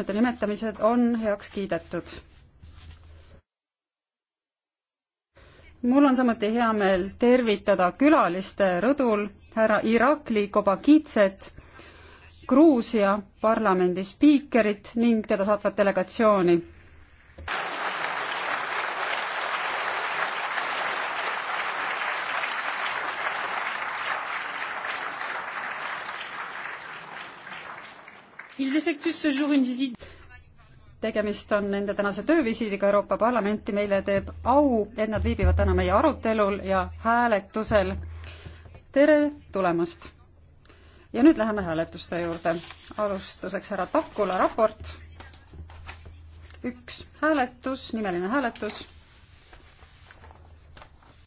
Nende nimetamised on heaks kiidetud. mul on samuti hea meel tervitada külaliste rõdul härra Irakli Kobakitset, Gruusia parlamendi spiikerit ning teda saatvat delegatsiooni tegemist on nende tänase töövisiidiga Euroopa Parlamenti, meile teeb au, et nad viibivad täna meie arutelul ja hääletusel. tere tulemast! ja nüüd läheme hääletuste juurde. alustuseks härra Takula raport. üks hääletus, nimeline hääletus